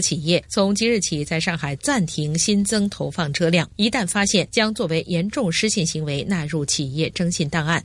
企業從即日起在上海暫停新增投放車輛，一旦發現，將作為嚴重失信行為納入企業徵信檔案。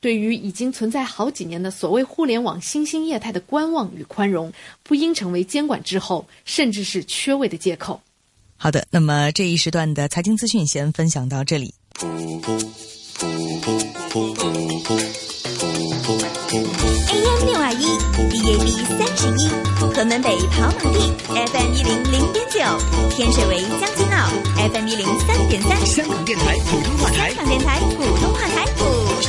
對於已經存在好幾年的所謂互聯網新興業態的觀望與寬容，不應成為監管滯後甚至是缺位的借口。好的，那麼這一時段的財經資訊先分享到這裏。AM 六二一，D A B 三十一，屯門北跑馬地，FM 一零零點九，天水圍將軍澳，FM 一零三點三，香港電台普通話台，香港電台普通話台。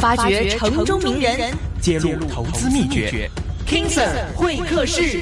發掘城中名人，人，揭露投資秘訣。King Sir 會客室，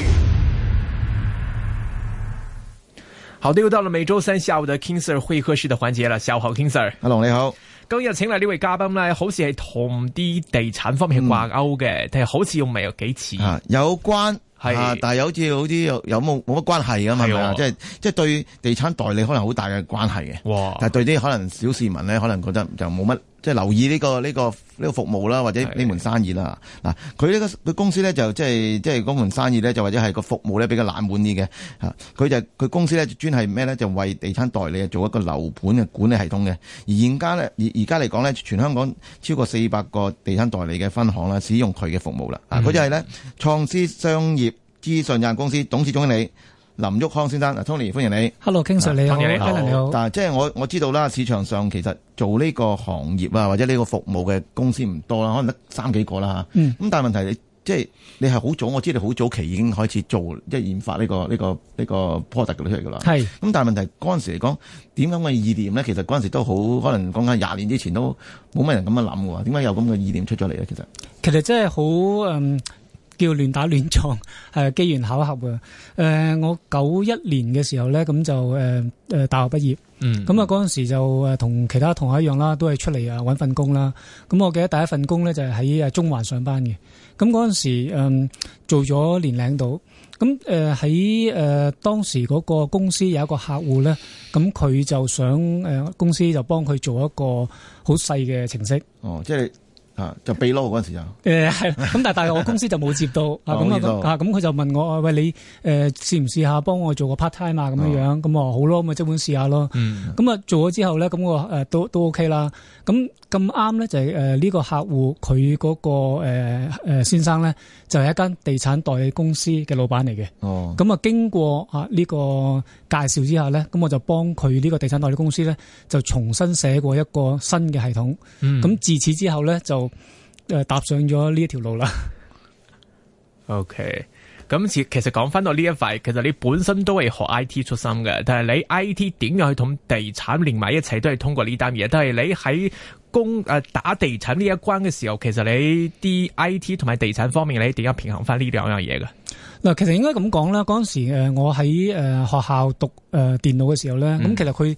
好的，又到了每周三下午的 King Sir 會客室的環節了。下午好，King Sir，阿龍你好，今日請來呢位嘉賓呢，好似係同啲地產方面掛鈎嘅，但係好似又未有又幾似。啊，有關係，啊，但係好似好似有有冇冇乜關係噶嘛？即係即係對地產代理可能好大嘅關係嘅。哇！但係對啲可能小市民呢，可能覺得就冇乜。即、就、係、是、留意呢個呢個呢個服務啦，或者呢門生意啦。嗱，佢呢個佢公司咧就即係即係嗰門生意咧，就或者係個服務咧比較冷門啲嘅吓。佢就佢公司咧專係咩咧，就為地產代理做一個樓盤嘅管理系統嘅。而而家咧，而而家嚟講咧，全香港超過四百個地產代理嘅分行啦，使用佢嘅服務啦。嗱、嗯，佢就係咧創思商業資訊有限公司董事總經理。林煜康先生，嗱，Tony，歡迎你。Hello，King Sir、啊，你好。Tony，Hello，你，你好。但係即係我我知道啦，市場上其實做呢個行業啊，或者呢個服務嘅公司唔多啦，可能得三幾個啦、啊、嗯。咁但係問題，即係你係好早，我知你好早期已經開始做即係研發呢、這個呢、這個呢、這個 product 嘅出嚟㗎啦。係。咁但係問題，嗰時嚟講，點解咁嘅意念咧？其實嗰陣時都好，可能講緊廿年之前都冇乜人咁樣諗喎。點解有咁嘅意念出咗嚟咧？其實其實真係好嗯。叫亂打亂撞，係機緣巧合啊！誒，我九一年嘅時候咧，咁就誒誒大學畢業，咁啊嗰陣時就誒同其他同學一樣啦，都係出嚟啊揾份工啦。咁我記得第一份工咧就係喺誒中環上班嘅。咁嗰陣時誒做咗年零度，咁誒喺誒當時嗰個公司有一個客戶咧，咁佢就想誒公司就幫佢做一個好細嘅程式。哦，即係。就俾咯嗰陣時就，咁，但係我公司就冇接到啊，咁啊，咁佢就問我喂，你誒試唔試下幫我做個 part time 啊咁樣樣，咁、哦、我好咯，咁啊即管試下咯。咁、嗯、啊做咗之後咧，咁我都都 OK 啦。咁咁啱咧就係、誒、呢個客戶佢嗰、個、呃呃、先生咧，就係、是、一間地產代理公司嘅老闆嚟嘅。哦，咁啊經過啊呢個介紹之下咧，咁我就幫佢呢個地產代理公司咧就重新寫過一個新嘅系統。咁、嗯、自此之後咧就。誒、嗯，踏上咗呢一條路啦。OK，咁其實講翻到呢一塊，其實你本身都係學 I T 出身嘅，但係你 I T 點樣去同地產連埋一齊，都係通過呢單嘢。但係你喺攻誒打地產呢一關嘅時候，其實你啲 I T 同埋地產方面，你點樣平衡翻呢兩樣嘢㗎？嗱，其實應該咁講啦。嗰陣時誒，我喺誒學校讀誒電腦嘅時候咧，咁其實佢。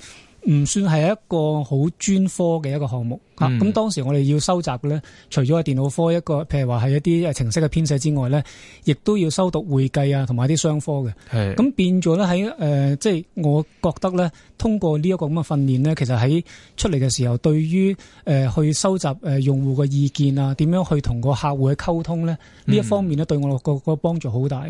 唔算係一個好專科嘅一個項目，吓、嗯、咁當時我哋要收集咧，除咗電腦科一個，譬如話係一啲誒程式嘅編寫之外咧，亦都要修讀會計啊，同埋啲商科嘅。係咁變咗咧喺誒，即、呃、係、就是、我覺得咧，通過呢一個咁嘅訓練咧，其實喺出嚟嘅時候，對於誒、呃、去收集誒用戶嘅意見啊，點樣去同個客戶去溝通咧，呢、嗯、一方面咧對我個個幫助好大。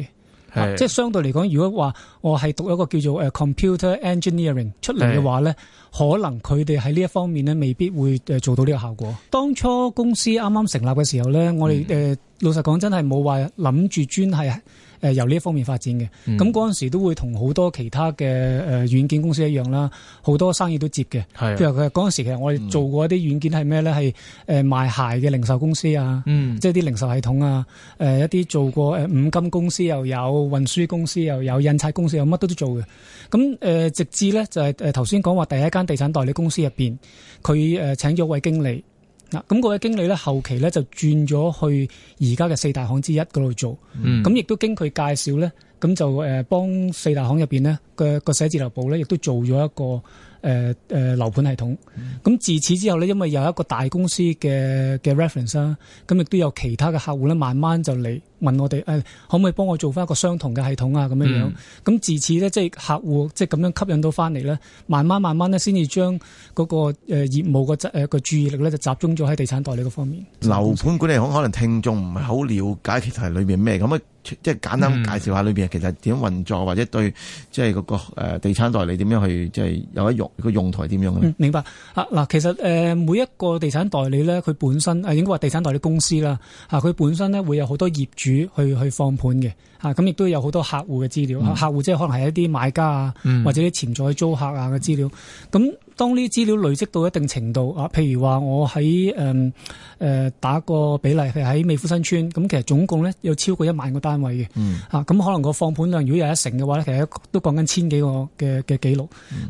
即係相對嚟講，如果話我係讀一個叫做誒 computer engineering 出嚟嘅話咧，可能佢哋喺呢一方面咧，未必會誒做到呢個效果。當初公司啱啱成立嘅時候咧，嗯、我哋誒老實講真係冇話諗住專係。誒由呢一方面發展嘅，咁嗰陣時都會同好多其他嘅誒軟件公司一樣啦，好多生意都接嘅。譬如佢嗰陣時，其實我哋做過一啲軟件係咩咧？係誒賣鞋嘅零售公司啊、嗯，即係啲零售系統啊，誒、呃、一啲做過五金公司又有，運輸公司又有，印刷公司又乜都都做嘅。咁誒、呃、直至咧就係誒頭先講話第一間地產代理公司入面，佢誒、呃、請咗位經理。嗱，咁嗰位經理咧，後期咧就轉咗去而家嘅四大行之一嗰度做，嗯、咁亦都經佢介紹咧，咁就誒幫四大行入邊咧個個寫字樓部咧，亦都做咗一個。誒、呃、誒，樓、呃、盤系統，咁、嗯、自此之後咧，因為有一個大公司嘅嘅 reference 啦，咁亦都有其他嘅客戶咧，慢慢就嚟問我哋，誒、哎，可唔可以幫我做翻一個相同嘅系統啊？咁樣樣，咁、嗯、自此咧，即係客戶即係咁樣吸引到翻嚟呢，慢慢慢慢咧、那個，先至將嗰個誒業務個誒個注意力咧，就集中咗喺地產代理嗰方面。樓盤管理，好可能聽眾唔係好了解其實係裏面咩咁啊。即係簡單介紹下裏邊、嗯、其實點運作，或者對即係嗰個誒地產代理點樣去即係有一用個用途係點樣嘅、嗯？明白啊。嗱，其實誒每一個地產代理咧，佢本身誒應該話地產代理公司啦，吓，佢本身咧會有好多業主去去放盤嘅，吓，咁亦都有好多客戶嘅資料，嗯、客戶即係可能係一啲買家啊、嗯，或者啲潛在租客啊嘅資料，咁。當呢啲資料累積到一定程度啊，譬如話我喺誒誒打個比例，係喺美孚新村咁，其實總共咧有超過一萬個單位嘅，啊、嗯、咁可能個放盤量，如果有一成嘅話咧，其實都講緊千幾個嘅嘅記錄。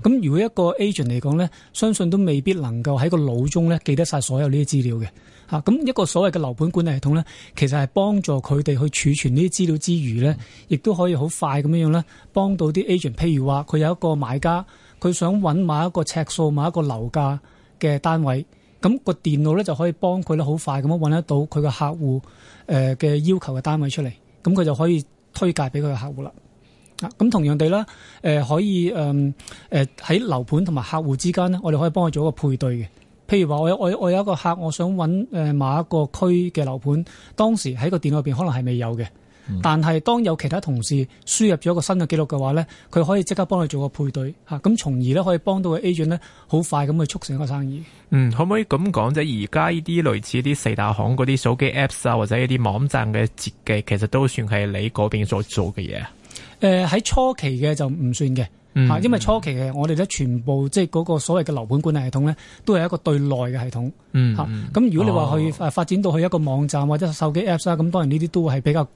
咁、嗯、如果一個 agent 嚟講咧，相信都未必能夠喺個腦中咧記得晒所有呢啲資料嘅，啊咁一個所謂嘅樓盤管理系統咧，其實係幫助佢哋去儲存呢啲資料之餘咧，亦都可以好快咁樣樣咧，幫到啲 agent。譬如話佢有一個買家。佢想揾買一個尺數買一個樓價嘅單位，咁、個電腦咧就可以幫佢咧好快咁樣揾得到佢嘅客戶嘅要求嘅單位出嚟，咁佢就可以推介俾佢嘅客戶啦。咁同樣地啦、呃，可以誒喺、呃、樓盤同埋客戶之間呢，我哋可以幫佢做一個配對嘅。譬如話，我有我我有一個客，我想揾誒買一個區嘅樓盤，當時喺個電腦入面可能係未有嘅。但係當有其他同事輸入咗一個新嘅記錄嘅話咧，佢可以即刻幫你做個配對，吓，咁從而咧可以幫到個 agent 咧好快咁去促成一個生意。嗯，可唔可以咁講啫？而家呢啲類似啲四大行嗰啲手機 apps 啊，或者一啲網站嘅設計，其實都算係你嗰邊所做嘅嘢。誒、呃，喺初期嘅就唔算嘅，吓、嗯，因為初期嘅我哋咧全部即係嗰個所謂嘅樓盤管理系統咧，都係一個對內嘅系統。嗯、吓、嗯、咁如果你話去發展到去一個網站或者手機 apps 啊、哦，咁當然呢啲都會係比較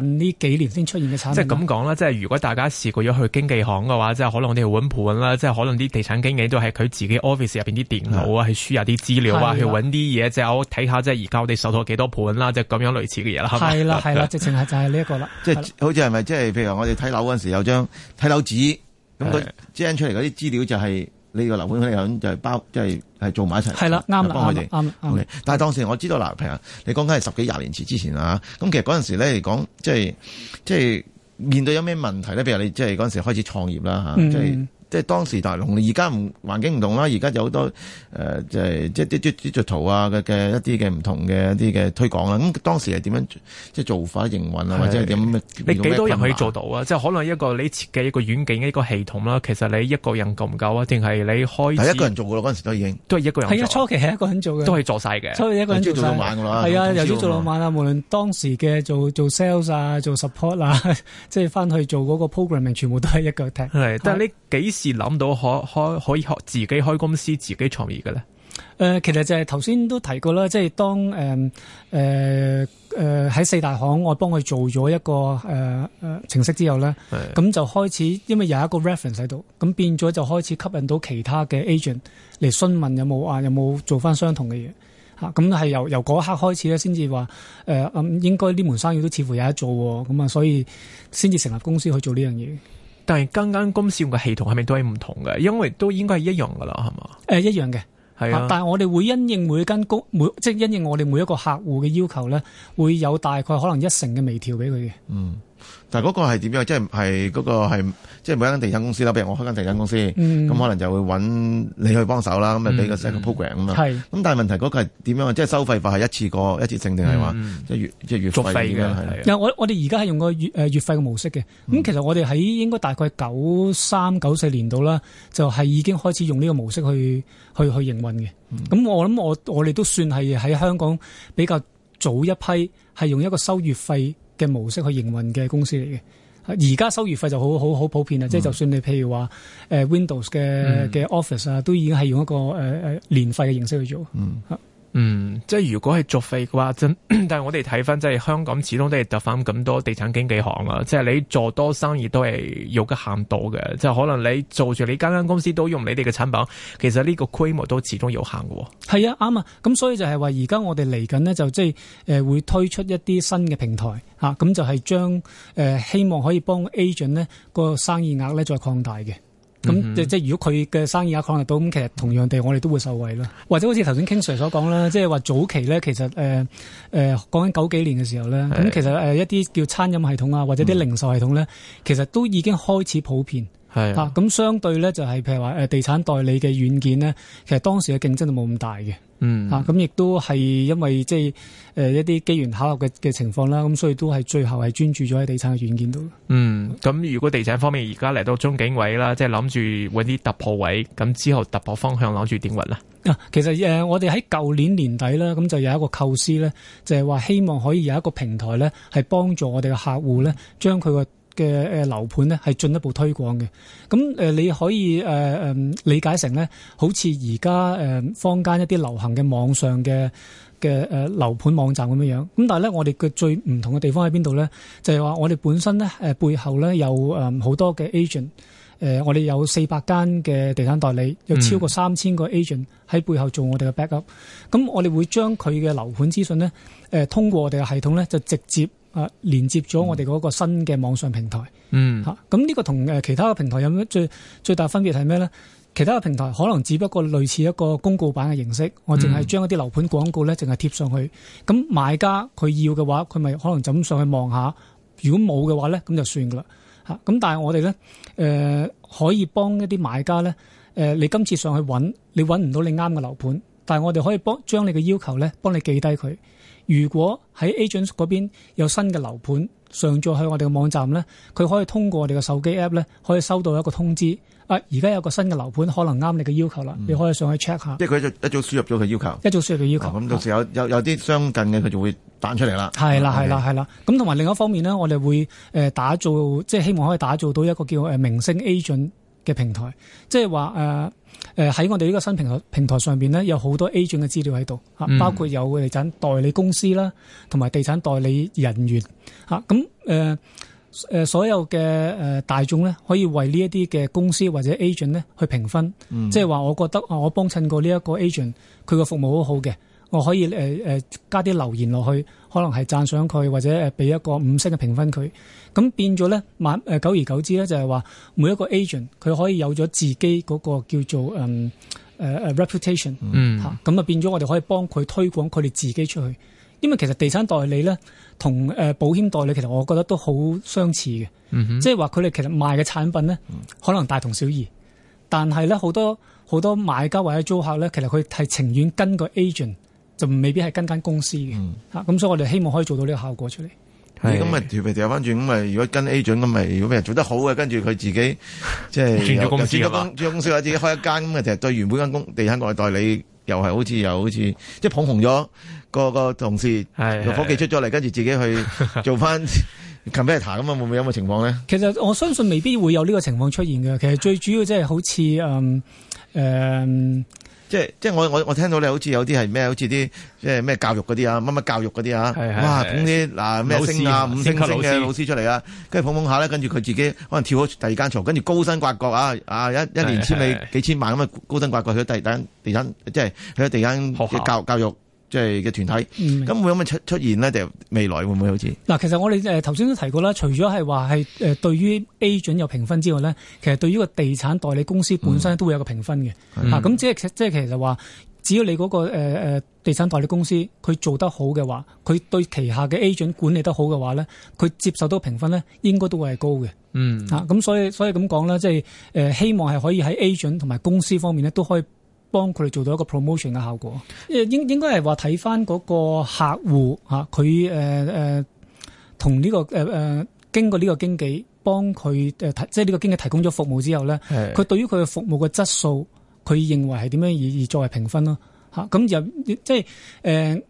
近呢幾年先出現嘅產品，即係咁講啦，即係如果大家試過咗去經紀行嘅話，即係可能我哋去揾盤啦，即係可能啲地產經紀都係佢自己 office 入邊啲電腦啊，去輸入啲資料啊，去揾啲嘢，即係我睇下即係而家我哋手頭幾多盤啦，即係咁樣類似嘅嘢啦。係啦係啦，直情係就係呢一個啦。即係好似係咪即係譬如我哋睇樓嗰陣時有張睇樓紙，咁佢 generate 出嚟嗰啲資料就係。呢個樓盤就係包即係、係、做埋一齊，係啦，啱啦，啱、okay。但係當時我知道嗱，譬如你講緊係十幾廿年前之前啊，咁其實嗰陣時咧嚟講，即係即係面對有咩問題咧？譬如你即係嗰陣時開始創業啦嚇、嗯即係即係當時大龍現在，而家唔環境唔同啦。而家有好多誒、呃就是，即係即係啲啲啲圖啊嘅嘅一啲嘅唔同嘅一啲嘅推廣啊。咁、嗯、當時係點樣即係做法營運啊，是或者係點？你幾多人可以做到啊？即係可能一個你設計一個軟件嘅一個系統啦、啊，其實你一個人夠唔夠啊？定係你開始？係一個人做嘅咯，嗰陣時都已經都係一個人做。係啊，初期係一個人做嘅。都係做晒嘅。初期一個人做曬。即係做到晚嘅啦。係啊，由早做到晚的啊由做到晚的，無論當時嘅做做 sales 啊，做 support 啊，即係翻去做嗰個 programming，全部都係一腳踢。係，但係你幾時？自諗到可開可以學自己開公司自己創業嘅咧？誒、呃，其實就係頭先都提過啦，即係當誒誒誒喺四大行我幫佢做咗一個誒誒、呃呃、程式之後咧，咁就開始因為有一個 reference 喺度，咁變咗就開始吸引到其他嘅 agent 嚟詢問有冇啊，有冇做翻相同嘅嘢啊？咁係由由嗰一刻開始咧，先至話誒，應該呢門生意都似乎有得做咁啊，所以先至成立公司去做呢樣嘢。但係間間公司用嘅系統係咪都係唔同嘅？因為都應該係一樣噶啦，係嘛？誒、呃，一樣嘅，係啊。但係我哋會因應每間公每即係因應我哋每一個客戶嘅要求咧，會有大概可能一成嘅微調俾佢嘅。嗯。但係嗰個係點樣？即係係嗰個係，即係每一間地產公司啦。譬如我開間地產公司，咁、嗯、可能就會揾你去幫手啦。咁啊俾個 set 個 program 咁啊。係。咁但係問題嗰個係點樣？即係收費法係一次過、一次性定係話一月一月費嘅？係。又我我哋而家係用個月誒、呃、月費嘅模式嘅。咁、嗯、其實我哋喺應該大概九三九四年度啦，就係已經開始用呢個模式去去去營運嘅。咁、嗯、我諗我我哋都算係喺香港比較早一批，係用一個收月費。嘅模式去營運嘅公司嚟嘅，而家收月費就好好好普遍啦。即、嗯、係就算你譬如話誒 Windows 嘅嘅 Office 啊、嗯，都已經係用一個誒誒、呃、年費嘅形式去做。嗯。嗯，即係如果係作廢嘅話，真。但係我哋睇翻，即係香港始終都係得翻咁多地產經紀行啊。即係你做多生意都係有個限度嘅，即係可能你做住你間間公司都用你哋嘅產品，其實呢個規模都始終有限嘅。係啊，啱啊。咁所以就係話，而家我哋嚟緊呢，就即係誒會推出一啲新嘅平台吓，咁、啊嗯、就係、是、將誒、呃、希望可以幫 agent 呢、呢個生意額咧再擴大嘅。咁即即如果佢嘅生意壓抗力到，咁其實同樣地，我哋都會受惠咯。或者好似頭先 King Sir 所講啦，即係話早期咧、呃呃，其實誒誒講緊九幾年嘅時候咧，咁其實誒一啲叫餐飲系統啊，或者啲零售系統咧、嗯，其實都已經開始普遍。係啊，咁、啊、相對咧就係、是、譬如話誒地產代理嘅軟件呢，其實當時嘅競爭就冇咁大嘅，嗯吓，咁、啊、亦都係因為即係誒一啲機緣巧合嘅嘅情況啦，咁所以都係最後係專注咗喺地產嘅軟件度。嗯，咁如果地產方面而家嚟到樽頸位啦，即係諗住搵啲突破位，咁之後突破方向攞住點運咧？啊，其實誒、呃、我哋喺舊年年底啦，咁就有一個構思咧，就係、是、話希望可以有一個平台咧，係幫助我哋嘅客戶咧，將佢個。嘅誒樓盤呢係進一步推廣嘅，咁你可以誒、呃、理解成呢，好似而家誒坊間一啲流行嘅網上嘅嘅誒樓盤網站咁樣樣，咁但係咧我哋嘅最唔同嘅地方喺邊度呢？就係、是、話我哋本身呢，背後呢有誒好多嘅 agent，誒我哋有四百間嘅地產代理，有超過三千個 agent 喺背後做我哋嘅 back up，咁、嗯、我哋會將佢嘅樓盤資訊呢，通過我哋嘅系統呢，就直接。啊，連接咗我哋嗰個新嘅網上平台，嚇咁呢個同、呃、其他嘅平台有咩最最大分別係咩呢？其他嘅平台可能只不過類似一個公告板嘅形式，嗯、我淨係將一啲樓盤廣告呢淨係貼上去。咁買家佢要嘅話，佢咪可能就咁上去望下。如果冇嘅話呢，咁就算噶啦，咁、啊、但係我哋呢、呃，可以幫一啲買家呢、呃。你今次上去揾你揾唔到你啱嘅樓盤，但係我哋可以幫將你嘅要求呢，幫你記低佢。如果喺 agent 邊有新嘅樓盤上載去我哋嘅網站咧，佢可以通過我哋嘅手機 app 咧，可以收到一個通知。啊，而家有個新嘅樓盤可能啱你嘅要求啦、嗯，你可以上去 check 下。即係佢一早輸入咗佢要求。一早輸入佢要求。咁到時有、嗯、有有啲相近嘅，佢就會彈出嚟啦。係啦係啦係啦。咁同埋另一方面咧，我哋會誒打造，即係希望可以打造到一個叫誒明星 agent。嘅平台，即係話誒誒喺我哋呢個新平台平台上邊呢，有好多 agent 嘅資料喺度，包括有地產代理公司啦，同埋地產代理人員吓，咁誒誒所有嘅誒大眾呢，可以為呢一啲嘅公司或者 agent 呢去評分，嗯、即係話我覺得我幫襯過呢一個 agent，佢個服務好好嘅。我可以、呃、加啲留言落去，可能係讚賞佢，或者誒俾一個五星嘅評分佢，咁變咗咧，晚誒久而久之咧，就係、是、話每一個 agent 佢可以有咗自己嗰個叫做、嗯啊、reputation 嚇、嗯、咁啊，變咗我哋可以幫佢推廣佢哋自己出去，因為其實地產代理咧同誒保險代理其實我覺得都好相似嘅，即係話佢哋其實賣嘅產品咧可能大同小異，但係咧好多好多買家或者租客咧，其實佢係情願跟個 agent。就未必係跟間公司嘅咁、嗯啊、所以我哋希望可以做到呢個效果出嚟。咁咪調翻轉咁咪？不定不定如果跟 agent 咁咪，如果畀人做得好嘅，跟住佢自己即係轉咗公司轉咗公司，公司自己開一間咁，其實就對原本間工地產外代理又係好似又好似即係捧紅咗個個同事，哎哎哎哎個夥計出咗嚟，跟住自己去做翻 competitor，咁啊，會唔會有咁嘅情況呢？其實我相信未必會有呢個情況出現嘅。其實最主要即係好似嗯，嗯即係即係我我我聽到你好似有啲係咩，好似啲即係咩教育嗰啲啊，乜乜教育嗰啲啊，哇！捧啲嗱咩星啊五星星嘅老，老師出嚟啊，跟住捧捧下咧，跟住佢自己可能跳咗第二間床，跟住高薪挖角啊啊！一一年簽你幾千萬咁啊，高薪挖角佢第二間地產，即係佢第間教教育。教育即係嘅團體，咁會有冇出出現呢？就未來會唔會好似嗱？其實我哋頭先都提過啦，除咗係話係對於 agent 有評分之外呢，其實對於個地產代理公司本身都會有個評分嘅。嚇、嗯、咁、啊、即係即係其實話，只要你嗰、嗰個、呃、地產代理公司佢做得好嘅話，佢對旗下嘅 agent 管理得好嘅話呢，佢接受到評分呢應該都會係高嘅。嗯。咁、啊、所以所以咁講啦，即係、呃、希望係可以喺 agent 同埋公司方面呢都可以。幫佢哋做到一個 promotion 嘅效果，應應該係話睇翻嗰個客戶吓，佢誒誒同呢個誒誒、呃、經過呢個經紀幫佢誒，即係呢個經紀提供咗服務之後咧，佢對於佢嘅服務嘅質素，佢認為係點樣而而作為評分咯吓。咁就、呃、即係誒、呃，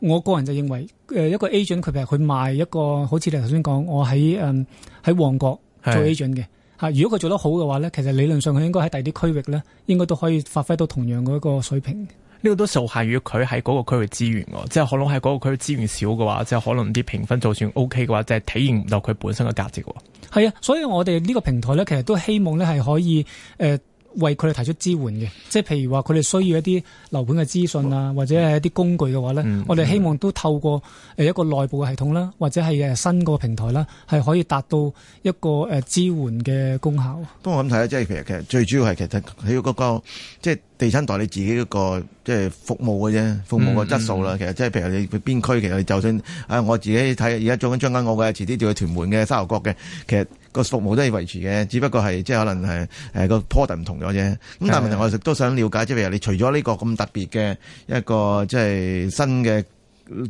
我個人就認為誒、呃、一個 agent 佢譬如佢賣一個，好似你頭先講，我喺誒喺旺角做 agent 嘅。啊！如果佢做得好嘅話咧，其實理論上佢應該喺第二啲區域咧，應該都可以發揮到同樣嘅一個水平。呢個都受限於佢喺嗰個區域資源喎，即係可能喺嗰個區域資源少嘅話，即係可能啲評分就算 O K 嘅話，即係體驗唔到佢本身嘅價值喎。係啊，所以我哋呢個平台咧，其實都希望咧係可以誒，呃為佢哋提出支援嘅，即係譬如話佢哋需要一啲樓盤嘅資訊啊，或者係一啲工具嘅話咧、嗯嗯，我哋希望都透過誒一個內部嘅系統啦，或者係誒新個平台啦，係可以達到一個誒支援嘅功效。都我咁睇下，即係其實其實最主要係其實喺嗰個即係地產代理自己嗰個即係服務嘅啫，服務個質素啦、嗯嗯。其實即係譬如你去邊區，其實就算啊，我自己睇而家做緊做緊我嘅，遲啲調去屯門嘅沙頭角嘅，其實。個服務都係維持嘅，只不過係即係可能係誒、呃那個 product 唔同咗啫。咁的但係問題我哋都想了解，即係你除咗呢個咁特別嘅一個即係新嘅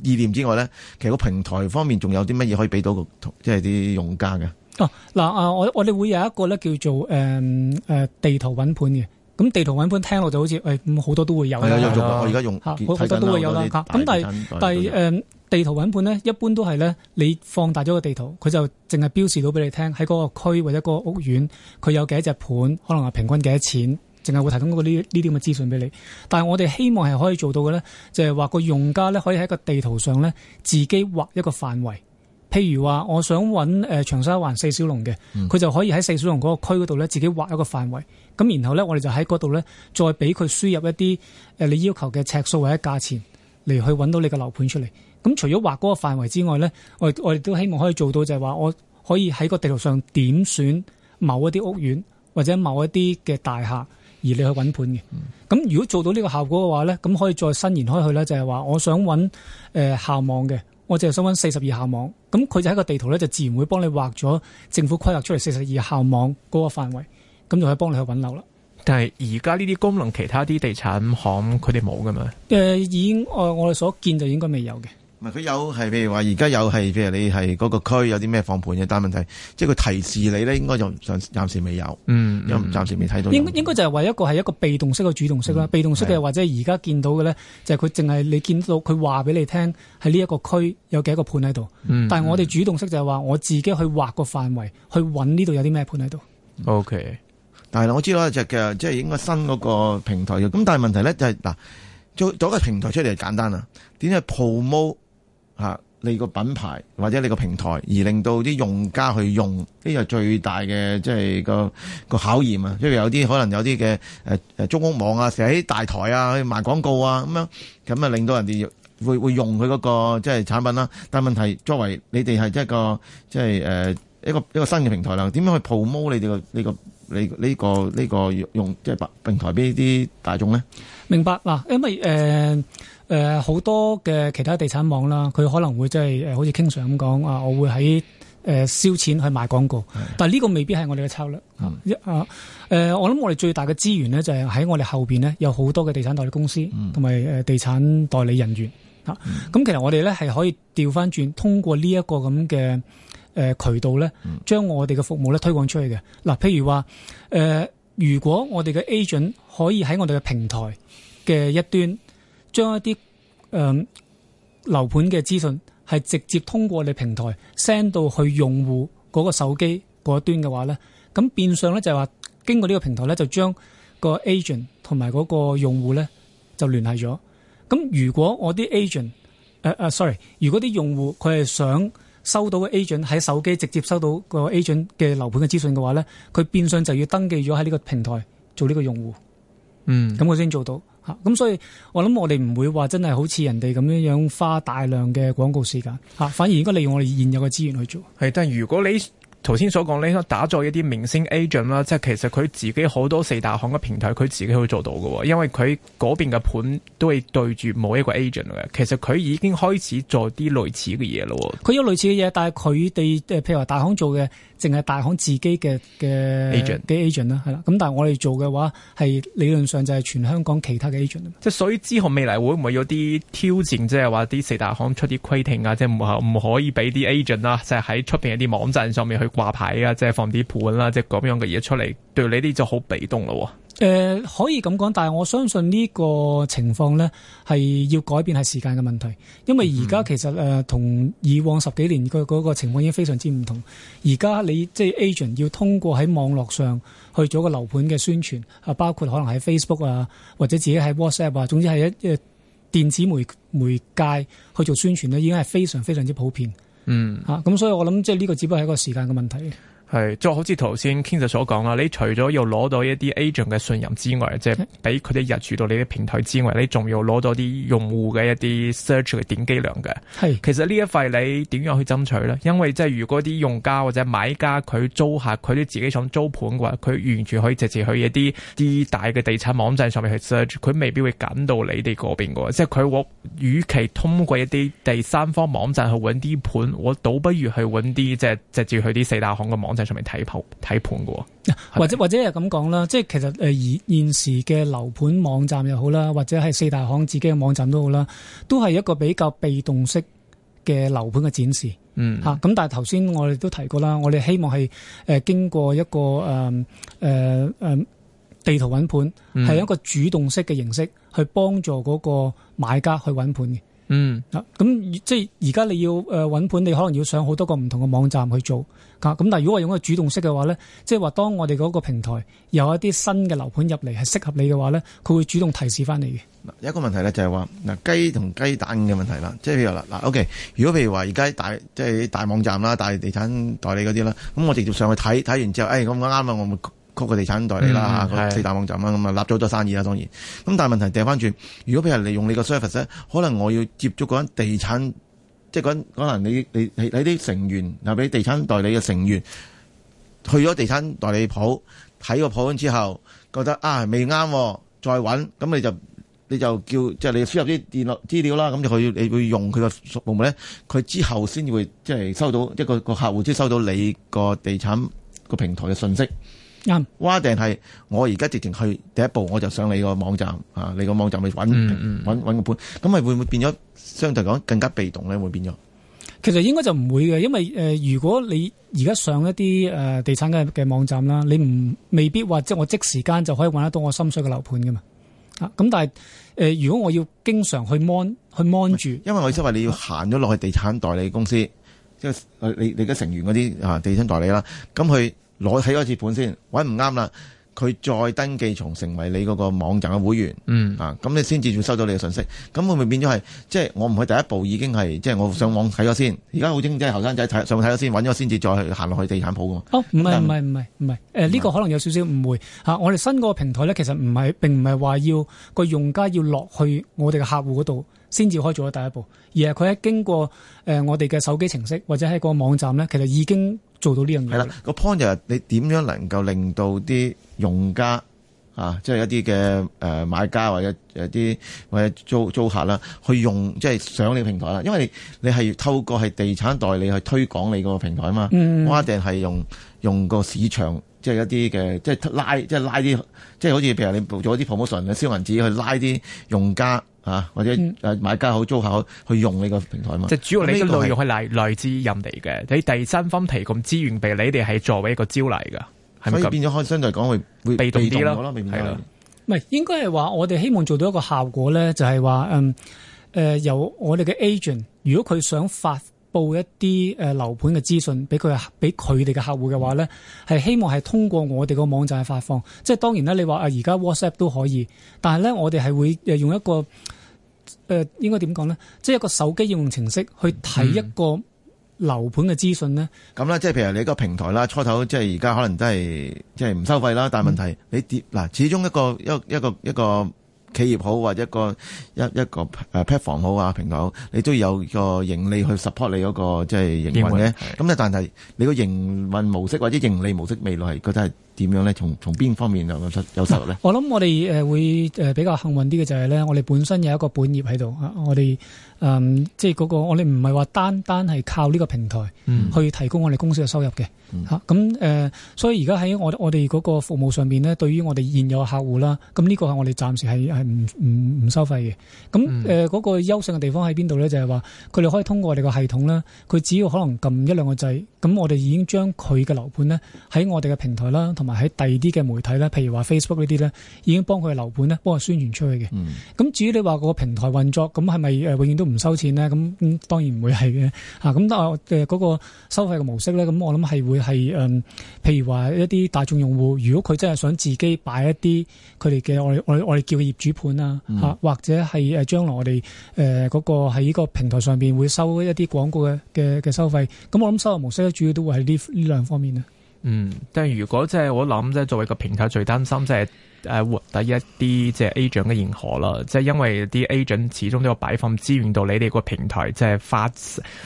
意念之外咧，其實個平台方面仲有啲乜嘢可以俾到個即係啲用家嘅？哦，嗱啊，呃、我我哋會有一個咧叫做誒誒、呃呃、地圖揾盤嘅。咁地圖揾盤聽落就好似，誒、哎、好多都會有啦。係啊，係啊，係啊，係啊，係啊，我而家用好多都會有啦。咁但係、呃、地圖揾盤咧，一般都係咧，你放大咗個地圖，佢就淨係標示到俾你聽，喺嗰個區或者嗰個屋苑，佢有幾多隻盤，可能係平均幾多錢，淨係會提供嗰啲呢啲咁嘅資訊俾你。但係我哋希望係可以做到嘅咧，就係、是、話個用家咧可以喺個地圖上咧自己畫一個範圍，譬如話我想揾長、呃、長沙灣四小龍嘅，佢、嗯、就可以喺四小龍嗰個區嗰度咧自己畫一個範圍。咁然後咧，我哋就喺嗰度咧，再俾佢輸入一啲誒你要求嘅尺數或者價錢嚟去揾到你樓盤個樓盤出嚟。咁除咗畫嗰個範圍之外咧，我我哋都希望可以做到就係話，我可以喺個地圖上點選某一啲屋苑或者某一啲嘅大廈而你去揾盤嘅。咁、嗯、如果做到呢個效果嘅話咧，咁可以再伸延開去咧，就係話我想揾誒校網嘅，我淨係想揾四十二校網。咁佢就喺個地圖咧，就自然會幫你畫咗政府規劃出嚟四十二校網嗰個範圍。咁就可以幫你去揾樓啦。但係而家呢啲功能，其他啲地產行佢哋冇㗎嘛？誒，已、呃呃、我我哋所見就應該未有嘅。唔佢有係譬如話，而家有係譬如你係嗰個區有啲咩放盤嘅，但係問題即係佢提示你咧，應該就暫暫時未有嗯。嗯，暫時未睇到。應該就係話一個係一個被動式嘅主動式啦、嗯。被動式嘅或者而家見到嘅咧，就係佢淨係你見到佢話俾你聽係呢一個區有幾多個盤喺度、嗯。但係我哋主動式就係話、嗯、我自己去畫個範圍去揾呢度有啲咩盤喺度。O、嗯、K。嗯 okay. 但係我知啦，就嘅即係應該新嗰個平台嘅。咁但係問題咧就係、是、嗱，做到一個平台出嚟就簡單啦。點解 promote 吓你個品牌或者你個平台，而令到啲用家去用，呢個最大嘅即係個個考驗啊。因為有啲可能有啲嘅誒誒租屋網啊，成日喺大台啊去賣廣告啊，咁樣咁啊，就令到人哋會會用佢嗰、那個即係、就是、產品啦、啊。但係問題是作為你哋係一個即係誒一個，呃、一個一個新嘅平台啦，點樣去 promote 你哋個呢個？你、這、呢個呢、這個用即係平平台俾啲大眾咧？明白嗱，因為誒誒好多嘅其他地產網啦，佢可能會即係誒好似經常咁講啊，我會喺誒燒錢去買廣告，但係呢個未必係我哋嘅策略、嗯、啊誒、呃！我諗我哋最大嘅資源咧，就係喺我哋後邊呢，有好多嘅地產代理公司同埋誒地產代理人員、嗯、啊。咁其實我哋咧係可以調返轉，通過呢一個咁嘅。誒、呃、渠道咧，將我哋嘅服務咧推廣出去嘅嗱、啊，譬如話誒、呃，如果我哋嘅 agent 可以喺我哋嘅平台嘅一端，將一啲誒樓盤嘅資訊係直接通過你平台 send 到去用戶嗰個手機嗰一端嘅話咧，咁變相咧就係、是、話經過呢個平台咧就將個 agent 同埋嗰個用戶咧就聯繫咗。咁如果我啲 agent 誒、呃呃、sorry 如果啲用戶佢係想收到嘅 agent 喺手機直接收到個 agent 嘅樓盤嘅資訊嘅話咧，佢變相就要登記咗喺呢個平台做呢個用戶。嗯，咁我先做到吓，咁所以我諗我哋唔會話真係好似人哋咁樣樣花大量嘅廣告時間吓，反而應該利用我哋現有嘅資源去做。係，但係如果你頭先所講，你應該打造一啲明星 agent 啦，即係其實佢自己好多四大行嘅平台，佢自己會做到嘅，因為佢嗰邊嘅盤都係對住某一個 agent 嘅，其實佢已經開始做啲類似嘅嘢咯。佢有類似嘅嘢，但係佢哋即係，譬如話大行做嘅。淨係大行自己嘅嘅嘅 agent 啦，係啦，咁但係我哋做嘅話係理論上就係全香港其他嘅 agent 啊嘛。即係所以之後未來會唔會有啲挑戰，即係話啲四大行出啲規定啊，即係唔可唔可以俾啲 agent 啦，即係喺出邊一啲網站上面去掛牌啊，即係放啲盤啦，即係咁樣嘅嘢出嚟，對你呢啲就好被動啦喎。誒、呃、可以咁講，但係我相信呢個情況呢係要改變係時間嘅問題，因為而家其實誒同以往十幾年嘅嗰個情況已經非常之唔同。而家你即係、就是、agent 要通過喺網絡上去做個樓盤嘅宣傳，啊包括可能喺 Facebook 啊，或者自己喺 WhatsApp 啊，總之係一誒電子媒媒介去做宣傳呢已經係非常非常之普遍。嗯，咁、啊、所以我諗即係呢個只不過係一個時間嘅問題。係，即係好似頭先 King Sir 所講啦，你除咗要攞到一啲 agent 嘅信任之外，即係俾佢哋入住到你啲平台之外，你仲要攞到啲用戶嘅一啲 search 嘅點擊量嘅。係，其實呢一塊你點樣去爭取咧？因為即係如果啲用家或者買家佢租客佢都自己想租盤嘅話，佢完全可以直接去一啲啲大嘅地產網站上面去 search，佢未必會揀到你哋嗰邊嘅。即係佢我，與其通過一啲第三方網站去揾啲盤，我倒不如去揾啲即係直接去啲四大行嘅網站。喺上面睇盤睇盤嘅，或者或者係咁講啦，即係其實誒，現時嘅樓盤網站又好啦，或者係四大行自己嘅網站都好啦，都係一個比較被動式嘅樓盤嘅展示。嗯，吓咁，但係頭先我哋都提過啦，我哋希望係誒經過一個誒誒誒地圖揾盤，係一個主動式嘅形式去幫助嗰個買家去揾盤嘅。嗯，嗱，咁即係而家你要誒揾盤，你可能要上好多個唔同嘅網站去做，咁但係如果我用個主動式嘅話咧，即係話當我哋嗰個平台有一啲新嘅樓盤入嚟係適合你嘅話咧，佢會主動提示翻你嘅。有一個問題咧，就係，就係話嗱雞同雞蛋嘅問題啦，即係譬如啦，嗱 OK，如果譬如話而家大即、就係、大網站啦、大地產代理嗰啲啦，咁我直接上去睇睇完之後，誒咁啱啊，我咪，call 個地產代理啦嚇、嗯，四大網站啦咁啊，立咗好多生意啦，當然。咁但係問題掉翻轉，如果譬如利用你個 service 咧，可能我要接觸嗰間地產，即係嗰嗰可能你你你啲成員，嗱，俾地產代理嘅成員去咗地產代理鋪睇個鋪之後，覺得啊未啱，再揾，咁你就你就叫即係、就是、你輸入啲電腦資料啦，咁就要，你會用佢個服務咧，佢之後先至會即係收到一個個客戶即收到你個地產個平台嘅信息。啱、嗯，哇定係我而家直情去第一步，我就上你個網站啊，你個網站去搵搵個盤，咁咪會唔會變咗相對嚟講更加被動咧？會變咗？其實應該就唔會嘅，因為誒、呃，如果你而家上一啲誒、呃、地產嘅嘅網站啦，你唔未必話即我即時間就可以搵得到我心水嘅樓盤噶嘛。咁、啊、但係誒、呃，如果我要經常去 mon 去 mon 住，因為我意思話你要行咗落去地產代理公司，即、啊、係、就是、你你嘅成員嗰啲、啊、地產代理啦，咁去。攞起開次盤先，揾唔啱啦，佢再登記重成為你嗰個網站嘅會員，嗯、啊，咁你先至會收到你嘅信息，咁會唔會變咗係，即係我唔係第一步已經係，即係我上網睇咗先，而家好精，即係後生仔睇上睇咗先，搵咗先至再行落去地產鋪㗎嘛？哦，唔係唔係唔係唔係，呢、呃呢個可能有少少誤會吓，我哋新個平台咧，其實唔係並唔係話要個用家要落去我哋嘅客戶嗰度先至可以做到第一步，而係佢喺經過、呃、我哋嘅手機程式或者喺個網站咧，其實已經。做到呢樣嘢係啦，個 point 係你點樣能夠令到啲用家啊，即係一啲嘅誒買家或者有啲或者租，租客啦，去用即係上你平台啦。因為你係透過係地產代理去推廣你個平台啊嘛。一定係用用個市場，即係一啲嘅即係拉，即係拉啲即係好似譬如你做一啲 promotion 嘅銷銀紙去拉啲用家。吓，或者誒，買家好，租客去用呢個平台嘛？即係主要你嘅內容係來來自人哋嘅你第三方提供資源俾你哋係作為一個招嚟噶，係咪咁？所以變咗可以相對嚟講會被動啲咯。明唔明唔係，應該係話我哋希望做到一個效果咧，就係、是、話嗯誒、呃，由我哋嘅 agent，如果佢想發。報一啲誒樓盤嘅資訊俾佢，俾佢哋嘅客戶嘅話呢，係希望係通過我哋個網站去發放。即係當然啦，你話啊，而家 WhatsApp 都可以，但係呢，我哋係會誒用一個誒、呃、應該點講呢？即係一個手機應用程式去睇一個樓盤嘅資訊呢。咁、嗯、啦，即係譬如你個平台啦，初頭即係而家可能都係即係唔收費啦，但係問題你跌嗱，始終一個一一個一個。一個一個企業好，或者個一一個誒 platform 好，啊平台好，你都要有個盈利去 support 你嗰個即係營運嘅。咁咧，但係你個營運模式或者盈利模式未來係覺得係。點樣咧？從從邊方面有有收入咧？我諗我哋誒會誒比較幸運啲嘅就係咧，我哋本身有一個本業喺度吓，我哋誒即係嗰個我哋唔係話單單係靠呢個平台去提供我哋公司嘅收入嘅吓。咁、嗯、誒、啊呃，所以而家喺我我哋嗰個服務上面於、呃那個、呢，對於我哋現有嘅客戶啦，咁呢個係我哋暫時係係唔唔唔收費嘅。咁誒，嗰個優勝嘅地方喺邊度咧？就係話佢哋可以通過我哋個系統啦，佢只要可能撳一兩個掣。咁我哋已經將佢嘅樓盤咧，喺我哋嘅平台啦，同埋喺第二啲嘅媒體咧，譬如話 Facebook 呢啲咧，已經幫佢嘅樓盤咧，幫佢宣傳出去嘅。咁、嗯、至於你話個平台運作，咁係咪誒永遠都唔收錢咧？咁當然唔會係嘅嚇。咁但嘅嗰個收費嘅模式咧，咁我諗係會係誒譬如話一啲大眾用戶，如果佢真係想自己擺一啲佢哋嘅我我我哋叫嘅業主盤啊，吓、嗯，或者係誒將來我哋誒嗰個喺個平台上邊會收一啲廣告嘅嘅嘅收費。咁我諗收入模式咧。主要都會係呢呢兩方面啊。嗯，但係如果即係我諗，即係作為一個評價，就是，最擔心即係。誒、啊、獲得一啲即係 agent 嘅認可啦，即係因為啲 agent 始終都有擺放資源到你哋個平台，即係花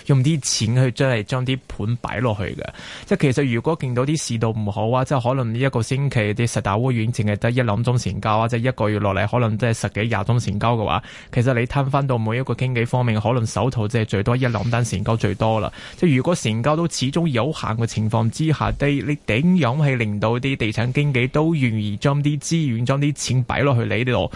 用啲錢去將係將啲盤擺落去嘅。即係其實如果見到啲市道唔好啊，即係可能呢一個星期啲十大屋苑淨係得一兩宗成交啊，即係一個月落嚟可能即係十幾廿宗成交嘅話，其實你攤翻到每一個經紀方面，可能手頭即係最多一兩單成交最多啦。即係如果成交都始終有限嘅情況之下，啲你點樣去令到啲地產經紀都願意將啲資。願將啲錢擺落去你呢度，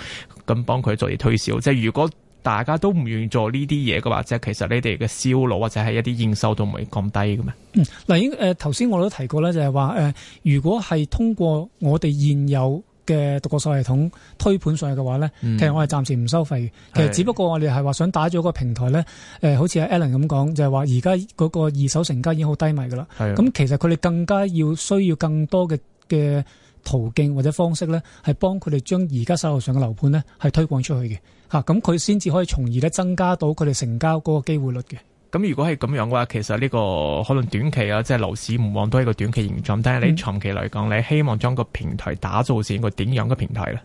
咁幫佢做啲推銷。即係如果大家都唔願意做呢啲嘢嘅話，即係其實你哋嘅銷路或者係一啲應收都唔會咁低嘅咩？嗯，嗱，誒，頭先我都提過咧，就係話，誒，如果係通過我哋現有嘅獨角獸系統推盤上去嘅話咧，嗯，其實我係暫時唔收費嘅。其實只不過我哋係話想打咗個平台咧，誒，好似 Alan 咁講，就係話而家嗰個二手成交已經好低迷噶啦。係咁，其實佢哋更加要需要更多嘅嘅。途徑或者方式咧，係幫佢哋將而家手頭上嘅樓盤呢，係推廣出去嘅嚇。咁佢先至可以從而咧增加到佢哋成交嗰個機會率嘅。咁如果係咁樣嘅話，其實呢個可能短期啊，即係樓市唔旺都係一個短期現象。但係你長期嚟講、嗯，你希望將個平台打造成個點樣嘅平台咧？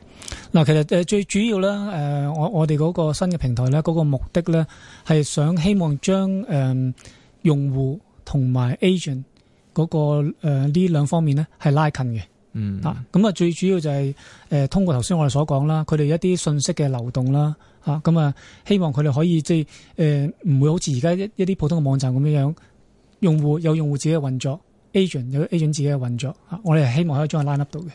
嗱，其實誒最主要咧，誒、呃、我我哋嗰個新嘅平台咧，嗰個目的咧係想希望將誒、呃、用戶同埋 agent 嗰個呢、呃、兩方面呢，係拉近嘅。嗯，咁啊，最主要就係，誒，通過頭先我哋所講啦，佢哋一啲信息嘅流動啦，吓，咁啊，希望佢哋可以即係，誒、呃，唔會好似而家一，一啲普通嘅網站咁樣樣，用戶有用戶自己嘅運作，agent 有 agent 自己嘅運作，吓，我哋係希望可以將佢拉 up 到嘅。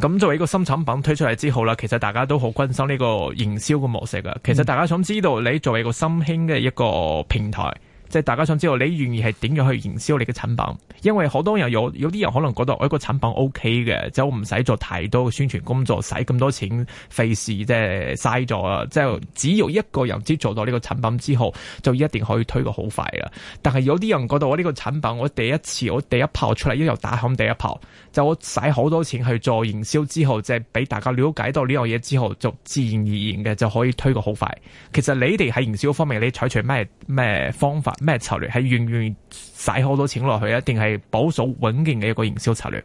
咁、嗯、作為一個新產品推出嚟之後啦，其實大家都好關心呢個營銷嘅模式噶，其實大家想知道你作為一個新興嘅一個平台。即係大家想知道你願意係點樣去營銷你嘅產品，因為好多人有有啲人可能覺得我一個產品 OK 嘅，就唔使做太多嘅宣傳工作，使咁多錢費事即係嘥咗啦。即係只要一個人知做到呢個產品之後就一定可以推個好快啦。但係有啲人覺得我呢個產品，我第一次我第一炮出嚟，一又打響第一炮，就我使好多錢去做營銷之後即係俾大家了解到呢樣嘢之後就自然而然嘅就可以推個好快。其實你哋喺營銷方面，你採取咩咩方法？咩策略，係願唔願意使好多錢落去啊？定係保守穩健嘅一個營銷策略？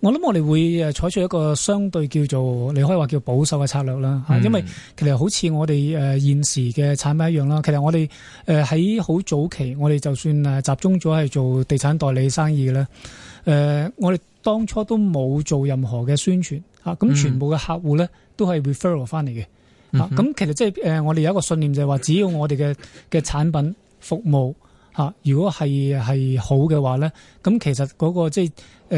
我諗我哋會誒採取一個相對叫做，你可以話叫保守嘅策略啦。吓、嗯，因為其實好似我哋誒現時嘅產品一樣啦。其實我哋誒喺好早期，我哋就算誒集中咗係做地產代理生意嘅咧。誒，我哋當初都冇做任何嘅宣傳吓，咁全部嘅客戶咧都係 referral 翻嚟嘅。吓、嗯，咁其實即係誒，我哋有一個信念就係話，只要我哋嘅嘅產品。服務吓，如果係係好嘅話咧，咁其實嗰個即係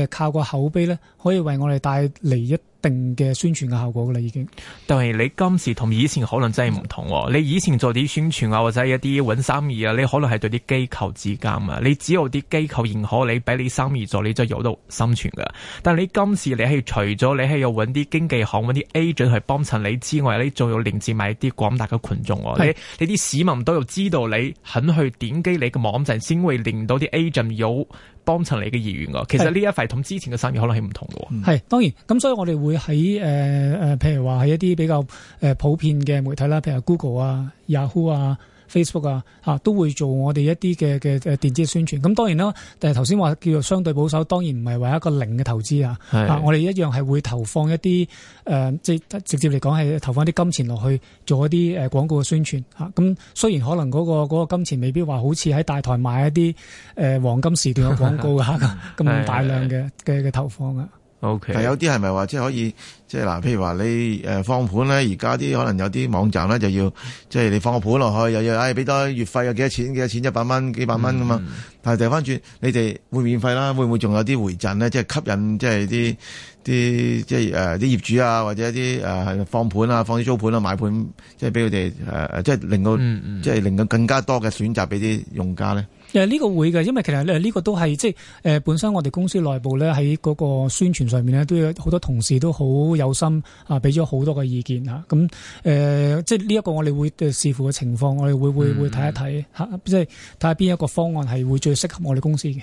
誒靠個口碑咧，可以為我哋帶嚟一定嘅宣傳嘅效果噶啦，已經。但係你今次同以前可能真係唔同喎、哦。你以前做啲宣傳啊，或者一啲揾生意啊，你可能係對啲機構之間啊，你只有啲機構認可你，俾你生意做你，你就有得生存噶。但係你今次你係除咗你係要揾啲經紀行揾啲 agent 去幫襯你之外，你仲要連接埋一啲廣大嘅群眾、啊、你你啲市民都要知道你肯去點擊你嘅網站，先會令到啲 agent 有幫襯你嘅意願噶、啊。其實呢一塊同之前嘅生意可能係唔同嘅。係、嗯、當然咁，所以我哋會。喺誒誒，譬如話喺一啲比較誒普遍嘅媒體啦，譬如 Google 啊、Yahoo 啊、Facebook 啊，吓都會做我哋一啲嘅嘅誒電子宣傳。咁當然啦，但係頭先話叫做相對保守，當然唔係話一個零嘅投資啊。係，我哋一樣係會投放一啲誒，即、呃、係直接嚟講係投放啲金錢落去做一啲誒廣告嘅宣傳。吓、啊，咁雖然可能嗰、嗰個、嗰個金錢未必話好似喺大台買一啲誒黃金時段嘅廣告啊，咁 咁大量嘅嘅嘅投放啊。OK，但有啲係咪話即係可以，即係嗱，譬如話你誒放盤咧，而家啲可能有啲網站咧就要，即係你放個盤落去，又要唉俾多月費，有幾多錢幾多錢，一百蚊幾百蚊咁嘛？Mm-hmm. 但係調翻轉，你哋會免費啦，會唔會仲有啲回贈咧？即係吸引，即係啲啲即係誒啲業主啊，或者一啲誒放盤啊，放啲租盤啊，買盤，即係俾佢哋誒，即係令到，即係令到更加多嘅選擇俾啲用家咧。誒，呢個會嘅，因為其實咧，呢個都係即係誒、呃，本身我哋公司內部咧喺嗰個宣傳上面咧，都有好多同事都好有心啊，俾咗好多嘅意見吓。咁誒，即係呢一個我哋會誒視乎嘅情況，我哋會、嗯、會會睇一睇吓、啊，即係睇下邊一個方案係會最適合我哋公司嘅。